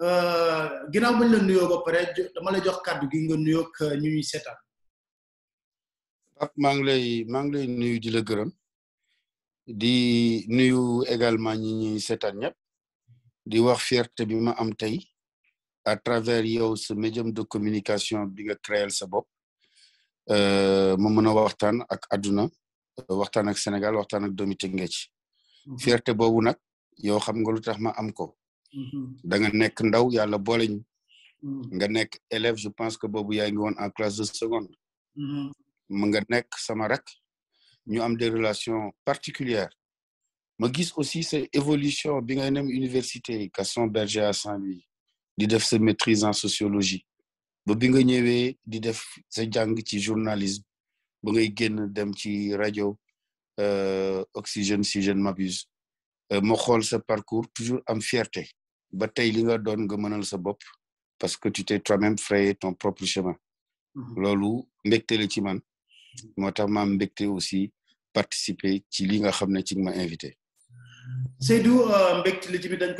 Eh, ginaaw bañ la York ba pare dama lay jox kàddu gi nga nuyo ak euh, ñu ñuy sétal ak ma ngi lay ma ngi lay nuyu di la gërëm di nuyu également ñi ñuy sétal ñep di wax fierté bi ma am tay à travers yow ce médium de communication bi nga créel sa bopp euh, ma mën waxtaan ak aduna euh, waxtaan ak Sénégal waxtaan ak doomi Tëngéej mhm. fierté bobu nak yow xam nga lutax ma am ko. Mhm. da nga nekk ndaw yàlla boole mhm. nga nekk élève je pense que boobu yaa ngi woon en classe de seconde mu mhm. nga nekk sama rek ñu am des relations particulières ma gis aussi sa évolution bi ngay nem université Kason Berger à Saint-Louis di def sa maîtrise en sociologie ba bi nga ñëwee di def sa jàng ci journalisme ba ngay génn dem ci euh, Oxygène si je ne m'abuse euh, ma xool sa parcours toujours am fierté ba parce que tu t'es toi-même frayé ton propre chemin mhm. Lolo, mbégte ci man mhm. aussi participer ci li ma invité Seydou euh, mbégte ci dañ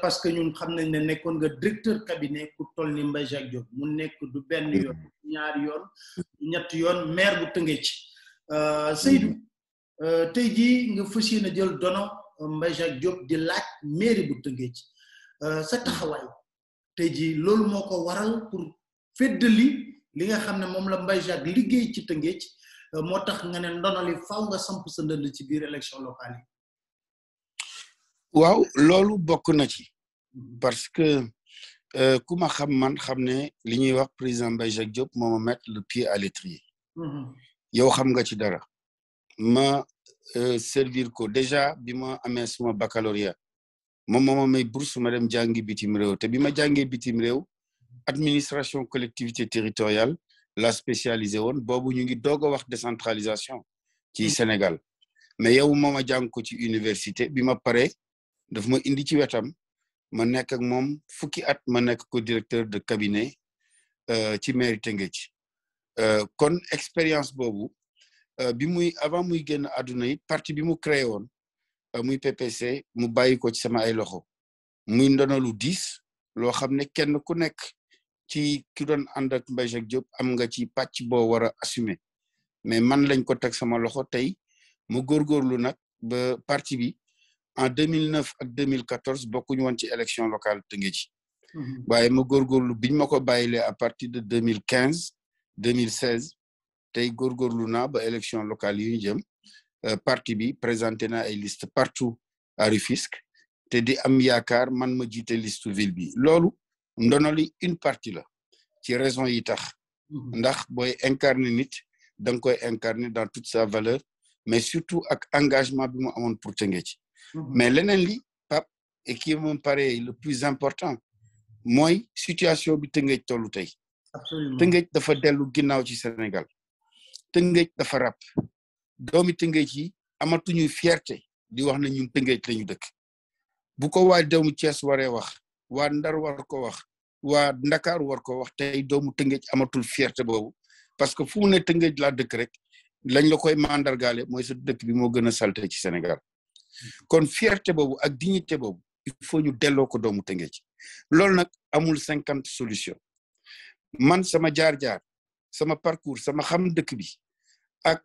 parce que ñun xam nañ directeur cabinet ku toll ni Mbaye Jacques Diop mu nekk du benn mhm. yoon ñaar yoon te yoon maire bu euh, Seydou euh, nga jël Diop Euh, sa taxawaay tey jii loolu moo waral pour feddali li nga xam ne moom la Mbaye Jacques ci Tëngéej euh, moo tax nga ne ndonali faaw nga samp sa ci biir élection locale yi. waaw loolu bokk na ci mm-hmm. parce que euh, ku ma xam man xam ne li ñuy wax président Mbaye Jacques Diop moo ma mettre le pied à l'étrier. Mm-hmm. yow xam nga ci dara. ma servir ko déjà bi ma amee suma moom moo may bourse ma dem jàngi bitim rew te bima ma bitim rew administration collectivité territoriale la spécialisé won bobu ñu ngi dogo wax décentralisation ci mm. Sénégal mais yow moom a ko ci université bima paré daf ma indi ci wétam ma nek ak mom fukki at ma nek ko directeur de cabinet euh, ci mairie euh kon expérience euh bi muy avant muy génn aduna yi parti bi mu créé won euh, muy PPC mu bayiko ci sama ay loxo muy ndono 10 lo xamne kenn ku nek ci ki doon and ak Mbaye Jacques Diop am nga ci patch bo wara assumer mais man lañ ko tek sama loxo tay mu góorgóorlu nak ba parti bi en 2009 ak 2014 bokku ñu won ci élection locale te tënge ci mhm. waaye ma góorgóorlu biñ mako bayilé bàyyilee à partir de 2015 2016 tey góorgóorlu na ba élection locale yu ñu jëm euh, parti bi présenté dans ay liste partout à Rufisque té di am yaakaar man ma jité liste ville bi donne à une partie la ci raison yi tax mhm. ndax boy incarner nit dang koy incarner dans toute sa valeur mais surtout ak engagement bi mu pour tënge ci mhm. mais l'un li pap et qui me paraît le plus important moy situation bi tëngeej tollu absolument tëngeej dafa delu ginnaw ci Sénégal tëngeej dafa rap. doomi tëngeej yi amatuñu fierté di wax ne ñun tëngeej lañu dëkk bu ko waa doomu Cees waree wax waa Ndar war ko wax waa Ndakaar war ko wax tey doomu tëngeej amatul fierté boobu parce que fu mu ne tëngeej laa dëkk rek lañ la koy mandargaale mooy sa dëkk bi moo gën a salte ci senegal kon fierté boobu ak dignité boobu il faut ñu delloo ko doomu tëngeej loolu nag amul cinquante solution man sama jaar-jaar sama parcours sama xam dëkk bi ak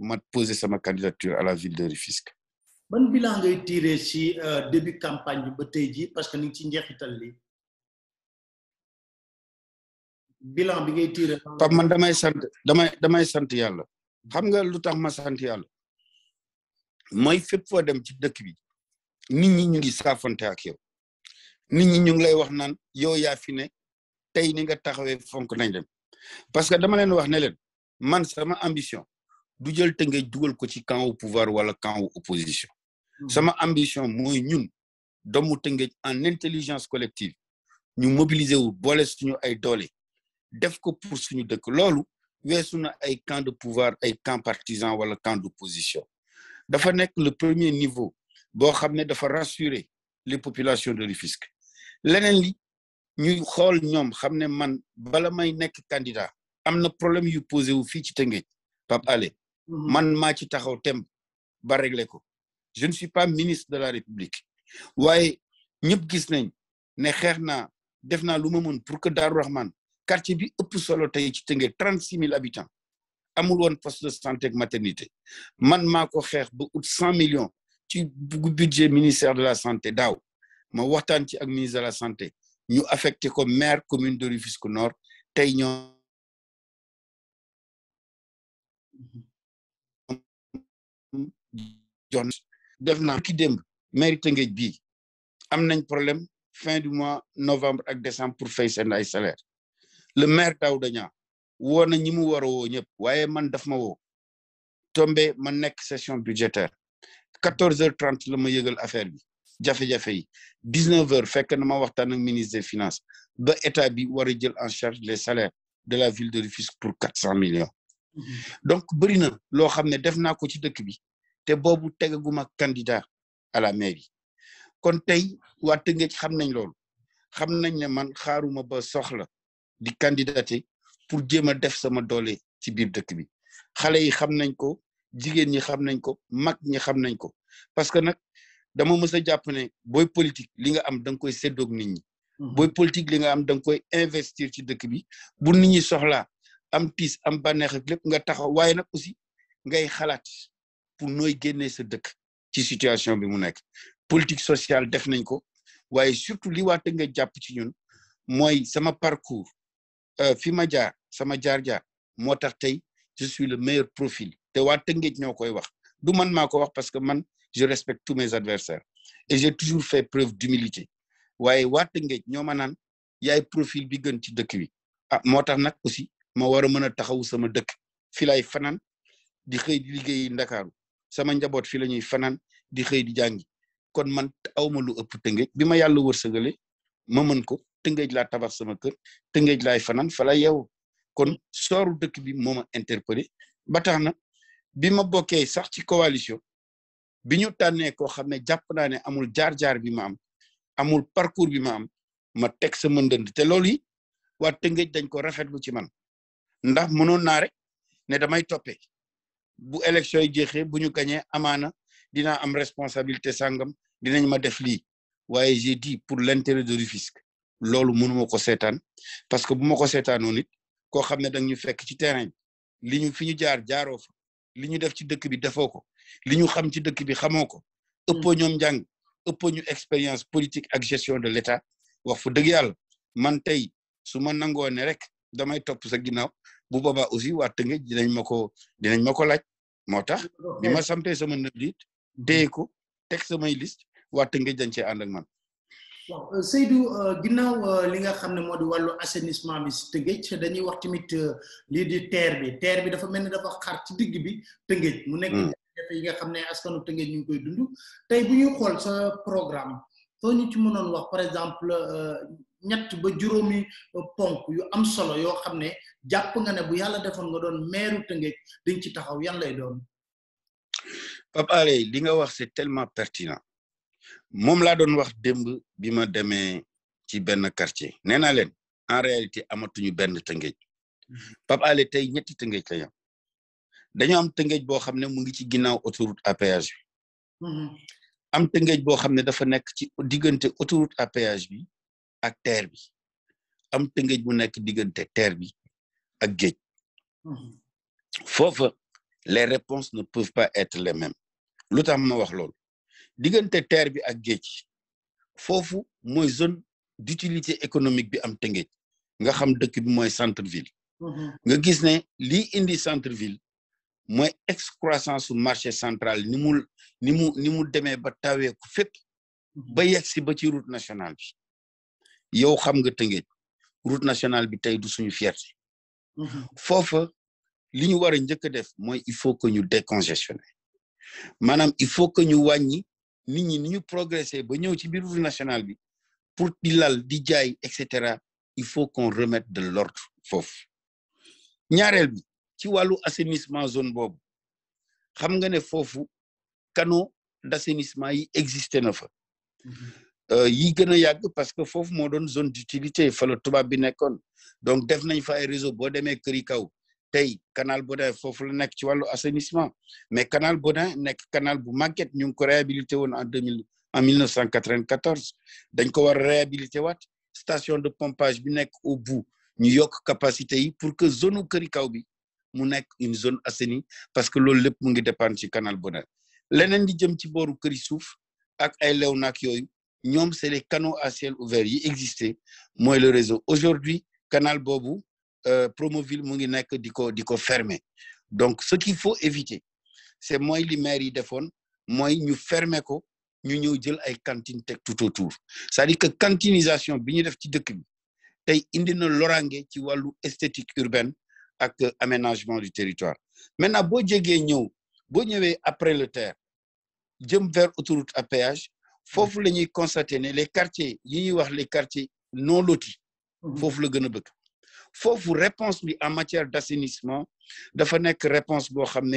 ma posé ma candidature à la ville de Rufisque. ban bilan ngay tiré ci euh, début campagne ba parce que ni ngi ci njeexital li bilan bi ngay tiré. Pape man damay sant damay damay sante yalla xam nga lutax ma sante yalla mooy fépp fo dem ci dëkk bi nit ñi ñu ngi saafante ak yow nit ñi ñu ngi lay wax naan yow ya fi ne tey ni nga taxawé fonk nañ dem parce que dama leen wax ne leen man sama ambition du jël Tëngéej dugal ko ci camp au pouvoir wala camp au opposition sama ambition moy ñun doomu Tëngéej en intelligence collective ñu mobiliser wu bole suñu ay doole def ko pour suñu dëkk loolu wessuna ay camp de pouvoir ay camp partisan wala camp d'opposition dafa nek le premier niveau Bo xamné dafa rassurer les populations de Rufisque lenen li ñu xol ñom xamné man bala may nek candidat am problème yu posé wu fi ci Tëngéej Pape Alé Mm-hmm. man ma ci taxaw tem ba régler ko je ne suis pas ministre de la république waye ñep gis nañ ne xexna def pour que Darou Rahman quartier bi ëpp solo tay ci Tëngéej 36000 habitants amul won poste de santé et maternité man mako xex bu 100 ut millions ci budget ministère de la santé Daw, ma waxtaan ci ak ministre de la santé ñu affecté ko maire commune de Rufisque Nord tay ñoo mm-hmm jon def naa ki démb mairie Amener bii am nañ problème fin du mois novembre ak décembre pour faire seen ay salaire le maire Daouda Niang woo na ñi mu war a woo ñëpp waaye man daf ma woo tombé ma nekk session budgétaire 14 heures 30 le ma yëgal affaire bi jafe-jafe yi dix neuf heures fekk na ma waxtaan ak ministre des finances ba état bi war jël en charge les salaires de la ville de Rufisque pour 400 millions mm-hmm. donc bëri na loo xam ne def naa ko ci dëkk bi te boobu tegaguma candidat à la kon tey waa Tëngéej xam nañ loolu xam nañ ne man xaaruma ba soxla di candidater pour jéem a def sama doole ci biir dëkk bi xale yi xam nañ ko jigéen ñi xam nañ ko mag ñi xam nañ ko parce que nag dama mës a jàpp ne booy politique li nga am da nga koy séddoog nit ñi. Mhm. booy politique li nga am da nga koy investir ci dëkk bi bu nit ñi soxlaa am tiis am bànneex ak lépp nga taxaw waaye nag aussi ngay xalaat pour nous gagner ce dëkk ci situation bi mu nek politique sociale def nañ ko waye surtout li waate nga jàpp ci ñun moy sama parcours euh, fi ma jaar sama jaar-jaar moo je suis le meilleur profil te waa Tëngéej ñoo wax du man mako wax parce que man je respecte tous mes adversaires et j'ai toujours fait preuve d'humilité waye waa Tëngéej ñoo ma yaay profil bi gën ci dëkk bi ah motax nak nag aussi ma wara mëna taxaw sama dëkk fi laay fanaan di xey di liggéeyi Ndakaaru sama njabot fi lañuy fanan di xey di jangi kon man awma lu ëpp tëngéej bi bima yàlla wërsëgale ma mën ko tëngéej la tabax sama kër tëngéej lay fanan fa la kon sooru dëkk bi moma ma ba taxna bima bokké sax ci coalition biñu tanné ko xamné japp ne né amul jaar-jaar bi ma am amul parcours bi ma am ma tek sama ndënd té loolu yi waa dañ ko rafetlu ci man ndax mënon na rek ne damay toppee bu élection yi jeexee bu ñu gañee amaana dinaa am responsabilité sangam dinañ ma def lii waaye j'ai dit pour l'intérêt de Rufisque loolu mënuma ko seetaan parce que bu ma ko seetaanoon it koo xam ne dang ñu fekk ci terrain bi li ñu fi ñu jaar jaaroo li ñu def ci dëkk bi defoo ko li ñu xam ci dëkk bi xamoo ko ëppoo ñoom njàng ëppoo ñu expérience politique a gestion de l'État wax fu dëgg yàlla man tey su ma nangoo ne rek damay topp sa ginnaaw bu boobaa aussi waa Tëngéej dinañ ma ko dinañ ma ko laaj motax bima ma samté sama ndit dé ko tek sama liste wat nga jën ci and ak man waaw euh, seydou euh, ginnaw euh, li nga xam modi walu assainissement bi si tëngéej dañuy wax timit li di terre bi terre bi dafa melni dafa xar ci digg bi tëngéej mu nekk hmm. jafe yi nga xam askanu tëngéej ñu koy dund tay bu ñuy xol sa programme fo ñu ci mënon wax par exemple ñett ba juróomi uh, ponk yu am solo yoo xam ne jàpp nga ne bu yàlla defoon nga doon meeru Tëngéej dañ ci taxaw yan doon. Pape Alé li nga wax c'est tellement pertinent moom laa doon wax démb bi ma demee ci benn quartier nee naa leen en réalité amatuñu benn Tëngéej mm-hmm. papale Alé tey ñetti Tëngéej la ñu dañoo am Tëngéej boo xam ne mu ngi ci ginnaaw autoroute à mm-hmm. am Tëngéej boo xam ne dafa nekk ci diggante autoroute à péage ak terre bi am tëngëj bu nekk diggante terre bi ak géej hmm. foofa les réponses ne peuvent pas être les mêmes lu tax ma wax loolu diggante terre bi ak géej foofu mooy zone d'utilité économique bi am tëngëj nga xam dëkk bi mooy centre ville hmm. nga gis ne lii indi centre ville mooy excroissance su marché central ni mu ni mu ni mu demee ba tawee ku fépp hmm. ba yegg si ba ci route nationale bi yow xam nga Tëngéej route nationale bi tey du suñu fierté mhm. foofa li ñu war a njëkk a def mooy il faut que ñu décongestionné maanaam il faut que ñu wàññi nit ñi ni ñu progressé ba ñëw ci biir route nationale bi pour di lal di jaay et cetera il faut qu'on remette de l'ordre foofu ñaareel bi ci wàllu assenisement zone boobu xam nga ne foofu canaux d'assainissement yi existé na fa mhm. Euh, yi gën a yàgg parce que foofu moo doon zone d'utilité fa la tubaab bi nekkoon donc def nañ fa ay réseau boo demee këri kaw tey canal Baudin foofu la nekk ci wàllu assainissement mais canal Baudin nekk kanal bu màgget ñu ngi ko réhabilité woon en deux mille en 1994 dañ ko war a réhabilité waat station de pompage bi nekk au bout ñu yokk capacité yi pour que zone këri kaw bi mu nekk une zone assainie parce que loolu lépp mu ngi dépendre ci canal Baudin leneen di jëm ci booru këri suuf ak ay lew naak yooyu Nous, c'est les canaux à ciel ouvert Il existait, moi, le réseau aujourd'hui canal bobou euh, Promoville nous ngi fermé. donc ce qu'il faut éviter c'est que les mairies, de fonds, nous fermer ko ñu ñëw cantines tout autour c'est-à-dire que cantinisation bi ñu def ci dëkk bi tey lorange ci voit l'esthétique urbaine avec l'aménagement du territoire maintenant si vous avez après le terre jëm vers autoroute à péage vous lañuy constater ne les quartiers les quartiers non lotis mhm. faut la gën bëgg réponse bi en matière d'assainissement dafa nekk réponse boo xam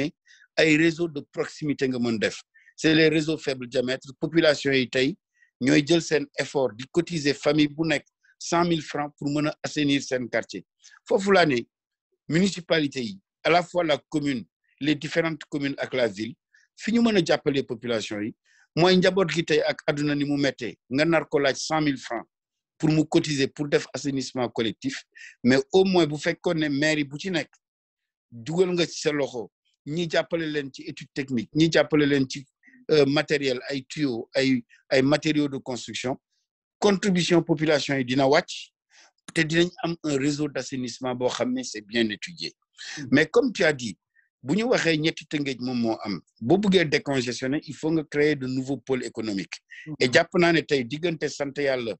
à ay réseau de proximité nga mën def c'est les réseaux faibles diamètre population yi tey ñooy jël effort di cotiser famille bu nekk cent francs pour assainir seen quartier foofu laa ne municipalité yi à la fois la commune les différentes communes avec la ville fi ñu mën a population moi, njabot gi tay ak aduna ni mu nga nar ko francs pour mu cotiser pour def assainissement collectif mais au moins vous faites connaître mairie bu ci nek dugal nga ci sa loxo ñi len ci étude technique ñi jàppale len ci euh, matériel ay tuyaux ay ay matériaux de construction contribution population yi dina wàcc te dinañ am un réseau d'assainissement pour xam c'est bien étudié mm. mais comme tu as dit buñu waxé ñetti tëngéej moom mo am bo bëggé décongestionner il faut nga créer de nouveaux pôles économiques. Mm-hmm. et jàpp naa ne tey diggante sant yàlla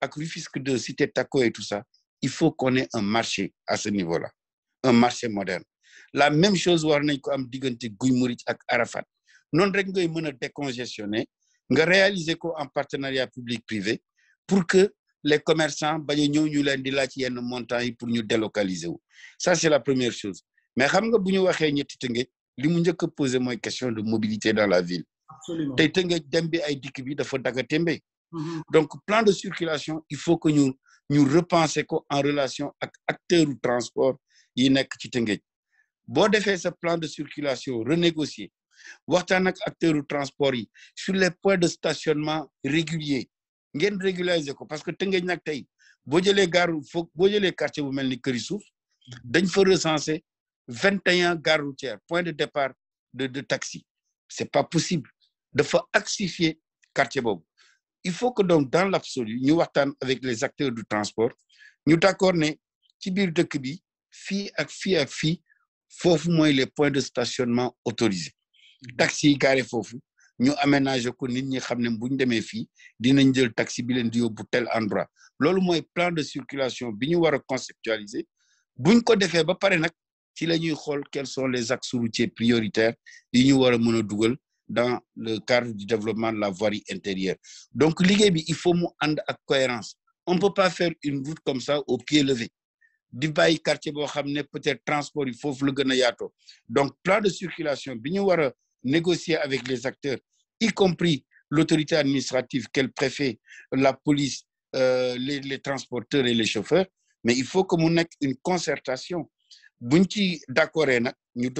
ak Rufisque de Cité Taco et tout ça il faut qu'on ait un marché à ce niveau-là un marché moderne la même chose war nañ ko am digënté Guy Marius ak Arafat Non, rek ngay mëna décongestionner nga réaliser ko en partenariat public-privé pour que les commerçants bañ ñëw ñu leen di laaj yenn montant yi pour ñu délocaliser ça c'est la première chose mais xam nga bu ñu waxee ñetti Tëngéej li mu njëkk poser question de mobilité dans la ville. absolument tey Tëngéej dem bi ay dikk bi dafa daga tembe. Mm-hmm. donc plan de circulation il faut que ñu ñu repenser ko en relation ak acteurs du transport yi nekk ci Tëngéej boo defee sa plan de circulation renégocier. waxtaan ak acteurs du transport yi sur les points de stationnement réguliers ngeen régulariser ko parce que Tëngéej nag tey boo jëlee gaaru foo boo jëlee quartier bu mel ni Kër Issouf dañ fa recenser. 21 gares routières point de départ de de taxi n'est pas possible faut axifier quartier Bob. il faut que donc dans l'absolu nous waxtaan avec les acteurs du transport nous d'accord ne ci biir dëkk bi à ak fii fi les points de stationnement autorisés taxi carré garé foofu ñu aménager ko nous ñi xam ne bu ñu demee nous dinañ jël taxi bi leen di tel endroit loolu plan de circulation bi ñu war conceptualiser buñ ko quels sont les axes routiers prioritaires yi ñu dans le cadre du développement de la voirie intérieure donc il faut mu ait ak cohérence on peut pas faire une route comme ça au pied levé di quartier bo peut-être transport Il faut le gëna donc plan de circulation bi ñu négocier avec les acteurs y compris l'autorité administrative quel préfet la police euh, les transporteurs et les chauffeurs mais il faut que mu une concertation buñ ci d'accordé nak ñu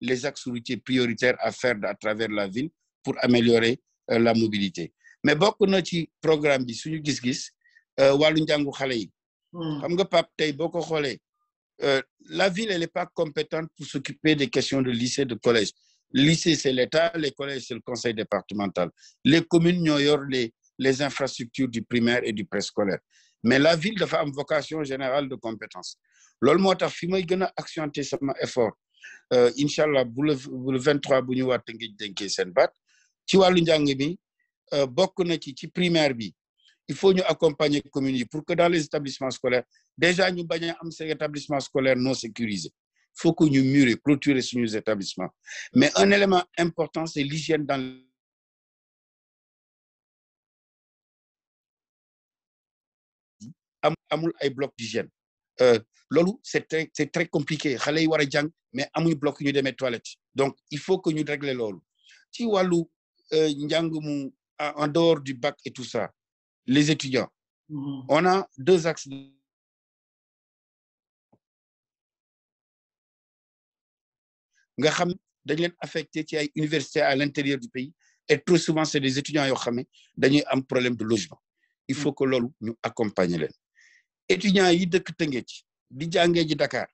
les axes routiers prioritaires à faire à travers la ville pour améliorer euh, la mobilité mais bokku na ci programme bi suñu gis-gis euh, yi. Hmm. xam nga euh, la ville elle est pas compétente pour s'occuper des questions de lycée de collège lycée c'est l'État les collèges c'est le conseil départemental les communes ñoyor les les infrastructures du primaire et du préscolaire mais la ville dafa une vocation générale de compétence loolu motax fi may gëna accentuer sama effort Inch'Allah, euh, inshallah le 23 bu ñu war Tëngéej dénkee seen baat ci njang bi euh, na ci ci primaire bi il faut ñu accompagner les yi pour que dans les établissements scolaires déjà ñu baña am ces établissements scolaires non sécurisés il faut que ñu murer clôturer ces établissements mais un élément important c'est l'hygiène dans amul ay bloc d'hygiène euh, lolu c'est c'est très compliqué Mais yi y a mais amuñu bloc ñu démé toilettes. donc il faut que ñu régler Si ci euh jang mu en dehors du bac et tout ça les étudiants mm-hmm. on a deux axes nga xam dañ leen affecté ci ay à l'intérieur du pays et trop souvent c'est des étudiants qui ont un dañuy problème de logement il faut mm. que lolu ñu accompagner étudiants yi dëkk train di jàngee ji Dakar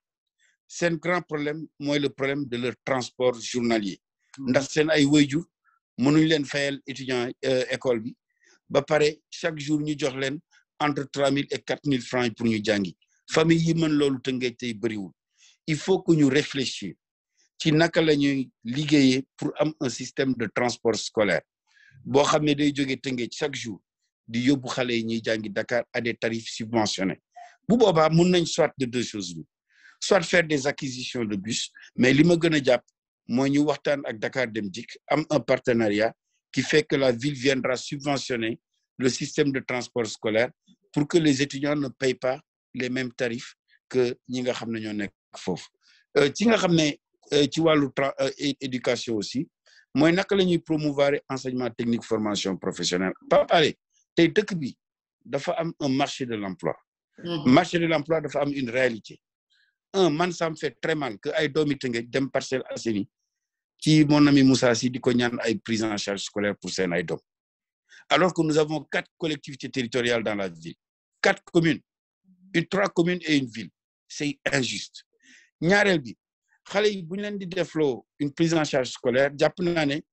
seen grand problème mooy le problème de leur transport journalier hmm. Dans seen ay wayjur mënuñ leen fayal étudiant euh, école bi ba chaque jour ñu jox entre 3 000 et 4 000 francs pour ñu jàngi famille yi mën loolu de tey bëriwul il faut que ñu réfléchir ci naka la ñuy pour am un système de transport scolaire boo xam day chaque jour di yóbbu xale yi ñuy Dakar à des tarifs subventionnés bu on a de deux choses soit faire des acquisitions de bus mais li ma gën a jàpp ñu Dakar un partenariat qui fait que la ville viendra subventionner le système de transport scolaire pour que les étudiants ne payent pas les mêmes tarifs que nous avons fait. ne ñoo euh, euh, l'éducation euh, aussi promouvoir enseignement technique formation professionnelle Allez, t'es tey dëkk un marché de l'emploi marcher mm-hmm. Marché de l'emploi de femmes une réalité. Un, man, ça me fait très mal que ay doomi dem Parcelles Sénie, qui mon ami Moussa a di ñaan prise en charge scolaire pour s'en ay Alors que nous avons quatre collectivités territoriales dans la ville, quatre communes, une trois communes et une ville. C'est injuste. Ñaarel bi une prise en charge scolaire japp l'année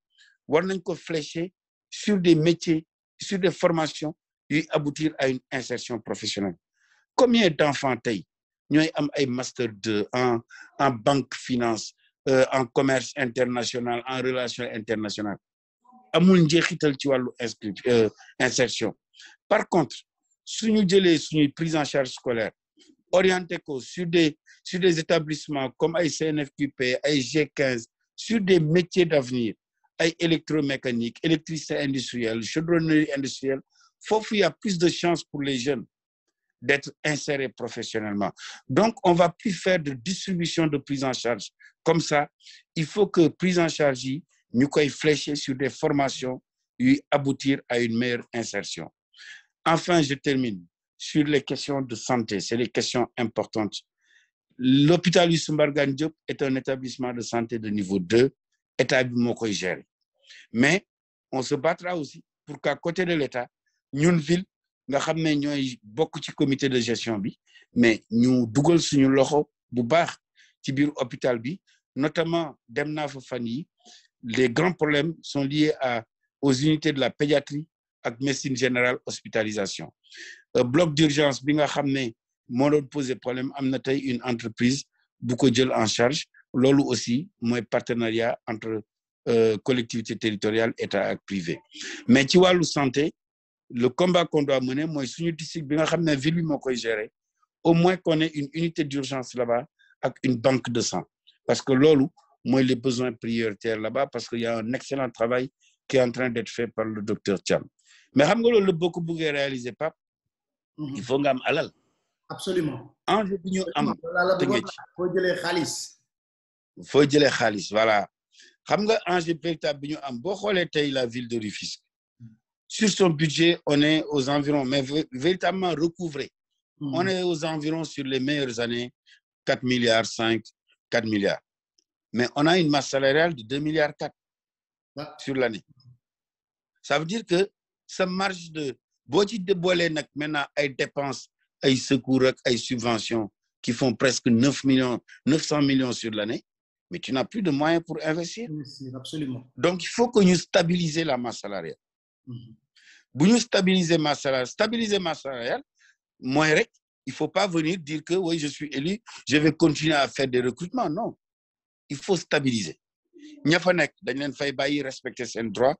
war nañ flécher sur des métiers sur des formations et aboutir à une insertion professionnelle combien d'enfants nous Nous am master 2 en en banque finance euh, en commerce international en relations internationales amul avons euh, insertion par contre nous faisons une prise en charge scolaire orienté sur des établissements comme ay CNFQP G15 sur des métiers d'avenir électromécanique électricité industrielle chaudronnerie industrielle faut qu'il y ait plus de chances pour les jeunes d'être inséré professionnellement. Donc, on ne va plus faire de distribution de prise en charge. Comme ça, il faut que prise en charge, y, nous soyons fléchés sur des formations et aboutir à une meilleure insertion. Enfin, je termine sur les questions de santé. C'est les questions importantes. L'hôpital Yusumbargan Diop est un établissement de santé de niveau 2, État gère. Mais on se battra aussi pour qu'à côté de l'État, une ville nga xamné ñoy de comités ci comité de gestion bi mais nous duggal suñu loxo bu baax ci biir hôpital notamment dem fa les grands problèmes sont liés à aux unités de la pédiatrie ak médecine générale hospitalisation euh, bloc d'urgence bi nga xamné ne doon poser problème nous tay une entreprise bu ko jël en charge lolu aussi un partenariat entre euh, collectivité territoriale état privées. privé mais ci walu santé le combat qu'on doit mener moi, je district bi nga xam ne ville bi gérer au moins qu'on ait une unité d'urgence là-bas avec une banque de sang parce que l'OLU, mooy les besoins prioritaires là-bas parce qu'il y a un excellent travail qui est en train d'être fait par le docteur Tcham. mais xam nga loolu la que beaucoup de réaliser mhm. il faut nga am alal absolument enjeu bi ñu am tëngeej foo jëlee Faut foo jëlee voilà xam nga enjeu véritable bi Je am boo xoolee tey la ville de Rufisque sur son budget, on est aux environs, mais véritablement recouvré. Hmm. On est aux environs sur les meilleures années, 4 milliards 5, 4 milliards. Mais on a une masse salariale de 2 milliards 4 ah. sur l'année. Ça veut dire que ce marge de... budget de boolee maintenant des dépenses des secours a subventions qui font presque 9 millions 900 millions sur l'année mais tu n'as plus de moyens pour investir. absolument. Donc il faut que nous stabiliser la masse salariale. Hmm. Pour stabiliser ma salaire stabiliser ne il faut pas venir dire que oui je suis élu je vais continuer à faire des recrutements non il faut stabiliser Il fa respecter ses droits,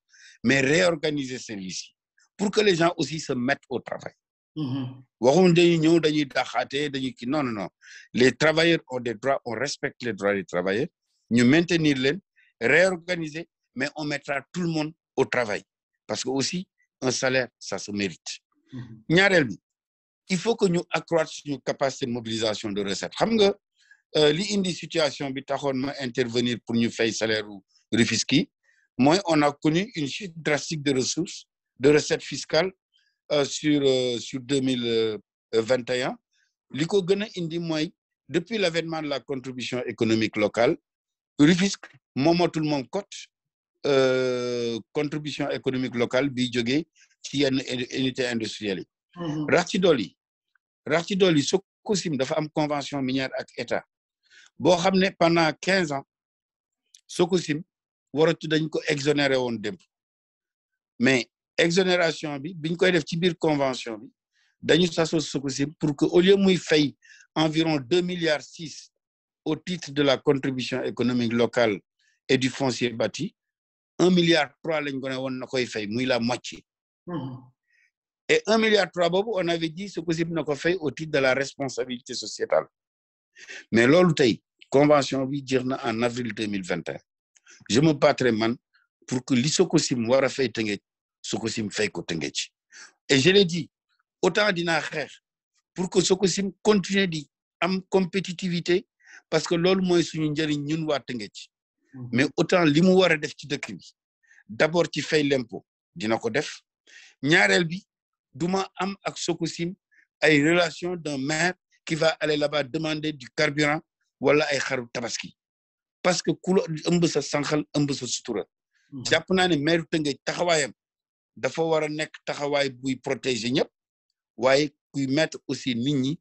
mais réorganiser celui-ci pour que les gens aussi se mettent au travail mm-hmm. non non les travailleurs ont des droits on respecte les droits des travailleurs nous maintenir les réorganiser mais on mettra tout le monde au travail parce que aussi un salaire, ça se mérite. Mhm. il faut que nous accroître nos capacités de mobilisation de recettes. xam nga euh, li indi situation bi ma intervenir pour ñu un salaire ou un Moi, on a connu une chute drastique de ressources de recettes fiscales euh, sur euh, sur 2021. depuis l'avènement de la contribution économique locale le tout le monde cote euh, contribution économique locale bi est ci yenn unité industrielle Rati mhm. rax ci Doli, yi rax ci doli convention minière ak état Bon, pendant 15 ans Sokosim, waratu dañ ko exonéré won dem mais exonération bi biñ koy def ci convention bi dañu pour que au lieu de fay environ 2,6 milliards au titre de la contribution économique locale et du foncier bâti 1 milliard 3 lañ ko né won nakoy fay muy la moitié mhm. et 1 milliard 3 on avait dit ce possible nako fay au titre de la responsabilité sociétale mais lolou tay convention bi dirna en avril 2021 je me battrai man pour que li ce possible wara fay tengé ce possible fay ko tengé ci et je l'ai dit autant dina xex pour que ce possible continue di am compétitivité parce que nous, moy suñu ndjari ñun wa tengé Hmm. mais autant li mu war def ci dëkk bi d'abord ci fay l'impôt dina ko def ñaarel bi duma am ak Sococim ay relation d'un maire qui va aller là-bas demander du carburant wala ay xaru tabaski parce que ku la ëmb sa sànqal ëmb sa sutura hmm. japp naa ne maire Tëngéej taxawayam dafa wara nek taxaway buy protéger ñep waye kuy mettre aussi nit ñi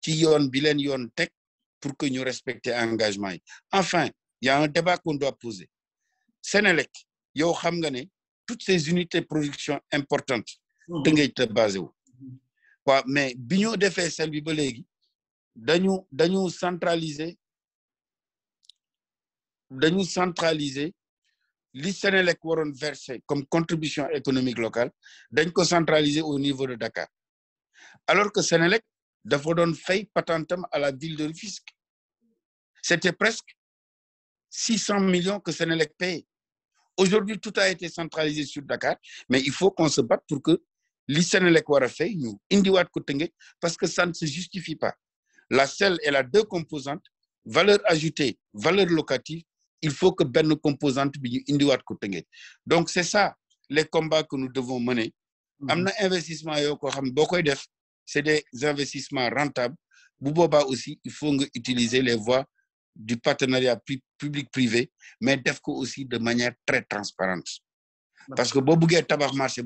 ci yoon bi len yoon tek pour que ñu respecter engagement yi enfin il y a un débat qu'on doit poser. Sénélec, y a au ne toutes ces unités de production importantes. te hmm. sont te basé mais si sûr, le sel bi ba léegi dañu centraliser dañu centraliser Sénélec versé comme contribution économique locale dañ ko centraliser au niveau de Dakar alors que Sénélec dafa doon un patent à la ville de Rufisque c'était presque. 600 millions que Sénélec paye. Aujourd'hui, tout a été centralisé sur Dakar, mais il faut qu'on se batte pour que li Sénélecs soient parce que ça ne se justifie pas la selle elle la deux composantes valeur ajoutée valeur locative il faut que ben composante composantes, ñu donc c'est ça les combats que nous devons mener am investissement c'est des investissements rentables bu aussi il faut utiliser les voies du partenariat public-privé mais DEFCO aussi de manière très transparente parce que si vous avez marché tabac marché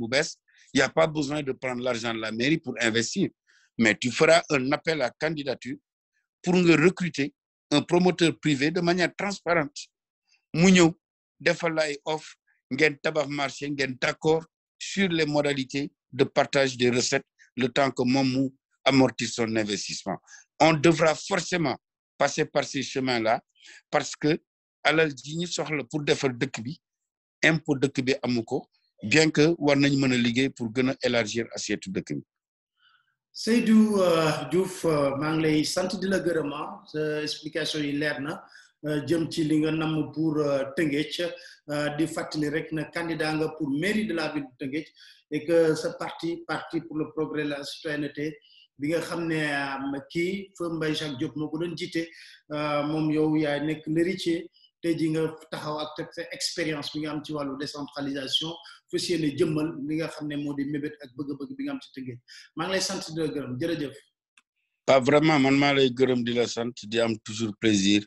il n'y a pas besoin de prendre l'argent de la mairie pour investir mais tu feras un appel à candidature pour recruter un promoteur privé de manière transparente mu DEFCO, offre tabac marché ngeen d'accord sur les modalités de partage des recettes le temps que Mamou amortisse son investissement on devra forcément passer par ces chemins-là parce que à pour bi bi bien que war nañ pour assiette bi. Seydou euh, de euh, la ah. explication yi leer euh, jëm ci li nga namm pour Tëngéej di fàttali rek na candidat nga pour mairie de la ville de et que sa parti parti pour le progrès la citoyenneté. bi nga xam ne um, kii fa mbay chaque diop moko mom jité mom yow yaay nek l'héritier té ji nga taxaw ak sa expérience bi nga am ci walu décentralisation fas jëmmal li nga ne mebet ak bëgg-bëgg bi nga am ci tëggee ma ngi lay sante di la gërëm jërëjëf vraiment man ma lay gërëm di la sante di am toujours plaisir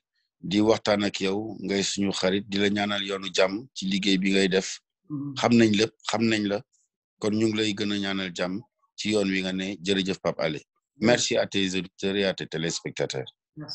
di waxtaan ak yow ngay suñu xarit di la ñaanal yoonu jam ci liggéey bi ngay def mm-hmm. xam nañ lépp xam nañ la kon ñu ngi lay gëna ñaanal ci yoon wi nga ne jërëjëf Pape Alé merci à tes auditeurs et